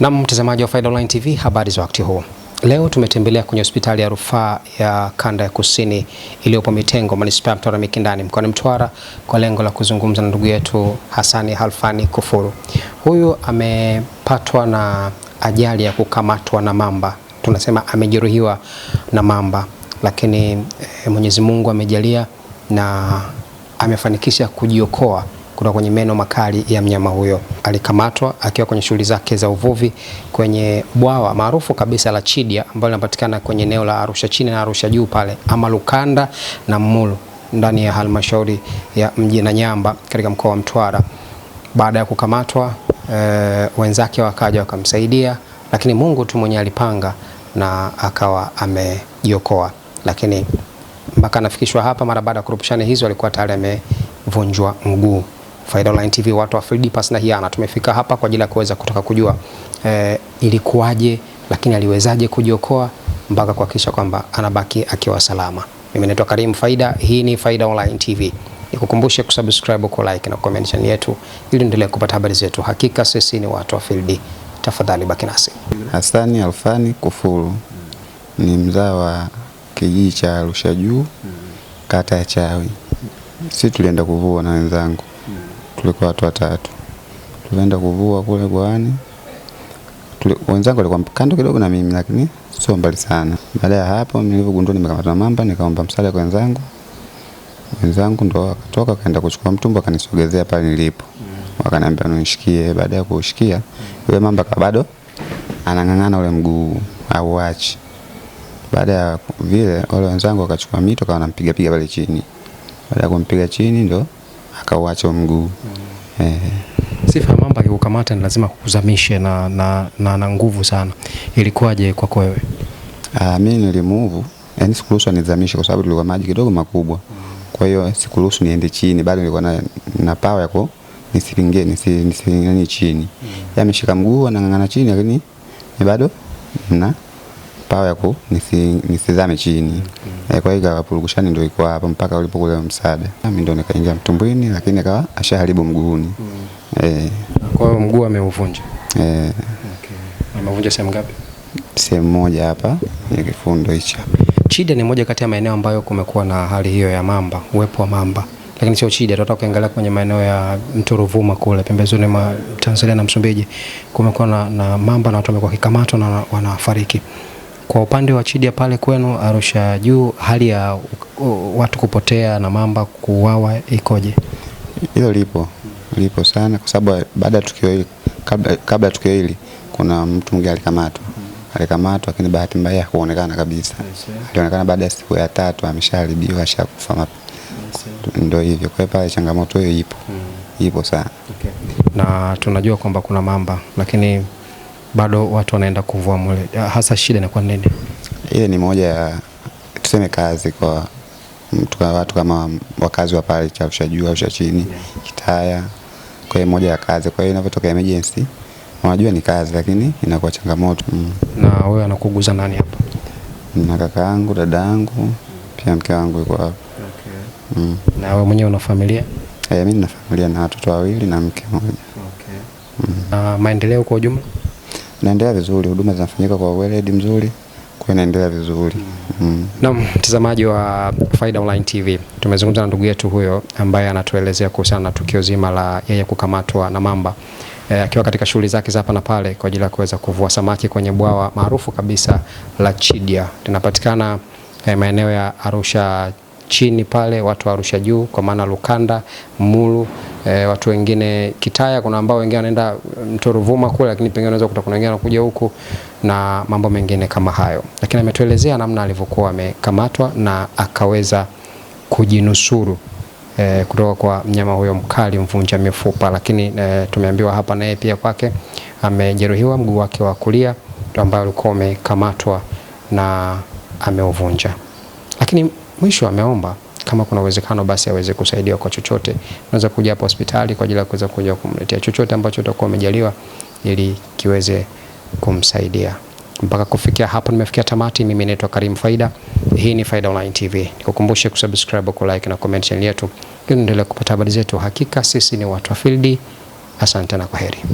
Na mtazamaji wa Faida Online TV, habari za wakati huu. Leo tumetembelea kwenye hospitali ya rufaa ya kanda ya kusini iliyopo Mitengo, manispaa ya Mtwara Mikindani, mkoani Mtwara kwa lengo la kuzungumza na ndugu yetu hasani Halfani Kufuru. Huyu amepatwa na ajali ya kukamatwa na mamba, tunasema amejeruhiwa na mamba, lakini e, Mwenyezi Mungu amejalia na amefanikisha kujiokoa kutoka kwenye meno makali ya mnyama huyo. Alikamatwa akiwa kwenye shughuli zake za uvuvi kwenye bwawa maarufu kabisa la Chidia ambalo linapatikana kwenye eneo la Arusha chini na Arusha juu pale ama Lukanda na Mulu ndani ya halmashauri ya mji na Nyamba katika mkoa wa Mtwara. Baada ya kukamatwa e, wenzake wakaja wakamsaidia, lakini Mungu tu mwenye alipanga na akawa amejiokoa, lakini mpaka anafikishwa hapa, mara baada ya kurupushani hizo alikuwa tayari amevunjwa mguu. Faida Online TV watu wa 3D pasi na hiana, tumefika hapa kwa ajili ya kuweza kutaka kujua e, ilikuwaje, lakini aliwezaje kujiokoa mpaka kuhakikisha kwamba anabaki akiwa salama. Mimi naitwa Karim Faida, hii ni Faida Online TV. Nikukumbushe kusubscribe, ku like na comment channel yetu ili endelee kupata habari zetu. Hakika sisi ni watu wa field. Tafadhali baki nasi. Hasani Alfani Kufuru ni mzao wa kijiji cha Arusha Juu, kata ya Chawi. Sisi tulienda kuvua na wenzangu tulikuwa watu watatu, tulienda kuvua kule bwani. Wenzangu walikuwa kando kidogo na mimi, lakini sio mbali sana. Baada ya hapo, nilivyogundua nimekamata na mamba, nikaomba msaada kwa wenzangu. Wenzangu ndo wakatoka kaenda kuchukua mtumbo, akanisogezea pale nilipo, wakaniambia nishikie. Baada ya kuushikia, yule mamba kabado anang'ang'ana ule mguu au achi. Baada ya vile, wale wenzangu wakachukua mito, kawa nampiga piga pale chini. Baada ya kumpiga chini ndo akauacha mguu mm. eh. Sifa mamba akikukamata ni lazima kukuzamishe na, na, na, na nguvu sana. Ilikuwaje kwako wewe? Ah, mimi nilimuvu, yani sikuruhusu anizamishe kwa sababu tulikuwa maji kidogo makubwa mm. kwa hiyo eh, sikuruhusu niende chini, bado nilikuwa na, na pawa yako nisipingie nisi, nisi, nisi chini mm. yameshika yaani mguu anang'ang'ana chini, lakini bado na pawa yako nisizame nisi chini mm. E, kwa hiyo ikawapurugushani ndio iko hapa mpaka ulipokuja msaada. Mimi ndio nikaingia mtumbwini, lakini akawa ashaharibu mguuni. Mm. Eh. Kwa hiyo mguu ameuvunja. Eh. Okay. Ameuvunja sehemu ngapi? Sehemu moja hapa ya kifundo hicho. Chida ni moja kati ya maeneo ambayo kumekuwa na hali hiyo ya mamba, uwepo wa mamba lakini sio Chida, tutataka kuangalia kwenye maeneo ya mto Ruvuma kule pembezoni mwa Tanzania na Msumbiji, kumekuwa na, na mamba na watu wamekuwa kikamatwa na wanafariki. Kwa upande wa Chidia pale kwenu Arusha juu, hali ya watu kupotea na mamba kuuawa ikoje? Hilo lipo lipo sana, kwa sababu baada ya tukio hili, kabla ya tukio hili, kuna mtu mwingine alikamatwa alikamatwa, lakini bahati mbaya hakuonekana kabisa. Alionekana baada ya siku ya tatu, ameshaharibiwa ashakufa. Ndio hivyo, kwa hiyo pale changamoto hiyo ipo mm. ipo sana. Okay. Na tunajua kwamba kuna mamba lakini bado watu wanaenda kuvua mule, hasa shida inakuwa nini? Ile ni moja ya tuseme kazi kwa mtu watu kama wakazi wa pale cha juu au cha chini yeah. Kitaya kwa hiyo moja ya kazi, kwa hiyo inavyotoka emergency unajua ni kazi, lakini inakuwa changamoto mm. Na wewe anakuguza nani hapa? Na kaka yangu, dada yangu, pia mke wangu yuko hapa okay. mm. Na wewe mwenyewe una familia? Eh, mimi nina familia na watoto wawili na mke mmoja okay. mm. Na maendeleo kwa ujumla inaendelea vizuri, huduma zinafanyika kwa weledi mzuri, kwa inaendelea vizuri mm. mtazamaji wa Faida Online TV, tumezungumza na ndugu yetu huyo ambaye anatuelezea kuhusiana na tukio zima la yeye kukamatwa na mamba e, akiwa e, katika shughuli zake za hapa na pale kwa ajili ya kuweza kuvua samaki kwenye bwawa maarufu kabisa la Chidia linapatikana e, maeneo ya Arusha chini pale, watu wa Arusha juu, kwa maana Lukanda, Mulu, e, watu wengine Kitaya, kuna ambao wengine wanaenda Mto Ruvuma kule, lakini pengine unaweza kuta kuna wengine wanakuja huku na mambo mengine kama hayo, lakini ametuelezea namna alivyokuwa amekamatwa na akaweza kujinusuru e, kutoka kwa mnyama huyo mkali mvunja mifupa. Lakini e, tumeambiwa hapa naye pia kwake amejeruhiwa mguu wake wa kulia ambao ulikuwa umekamatwa na ameuvunja, lakini Mwisho ameomba kama kuna uwezekano basi aweze kusaidiwa kwa chochote. Unaweza kuja hapa hospitali kwa ajili ya kuweza kuja kumletea chochote ambacho utakuwa umejaliwa ili kiweze kumsaidia. Mpaka kufikia hapo nimefikia tamati. Mimi naitwa Karim Faida, hii ni Faida Online TV. Nikukumbushe kusubscribe, ku like na comment channel yetu, ili endelee kupata habari zetu. Hakika sisi ni watu wa field. Asante na kwaheri.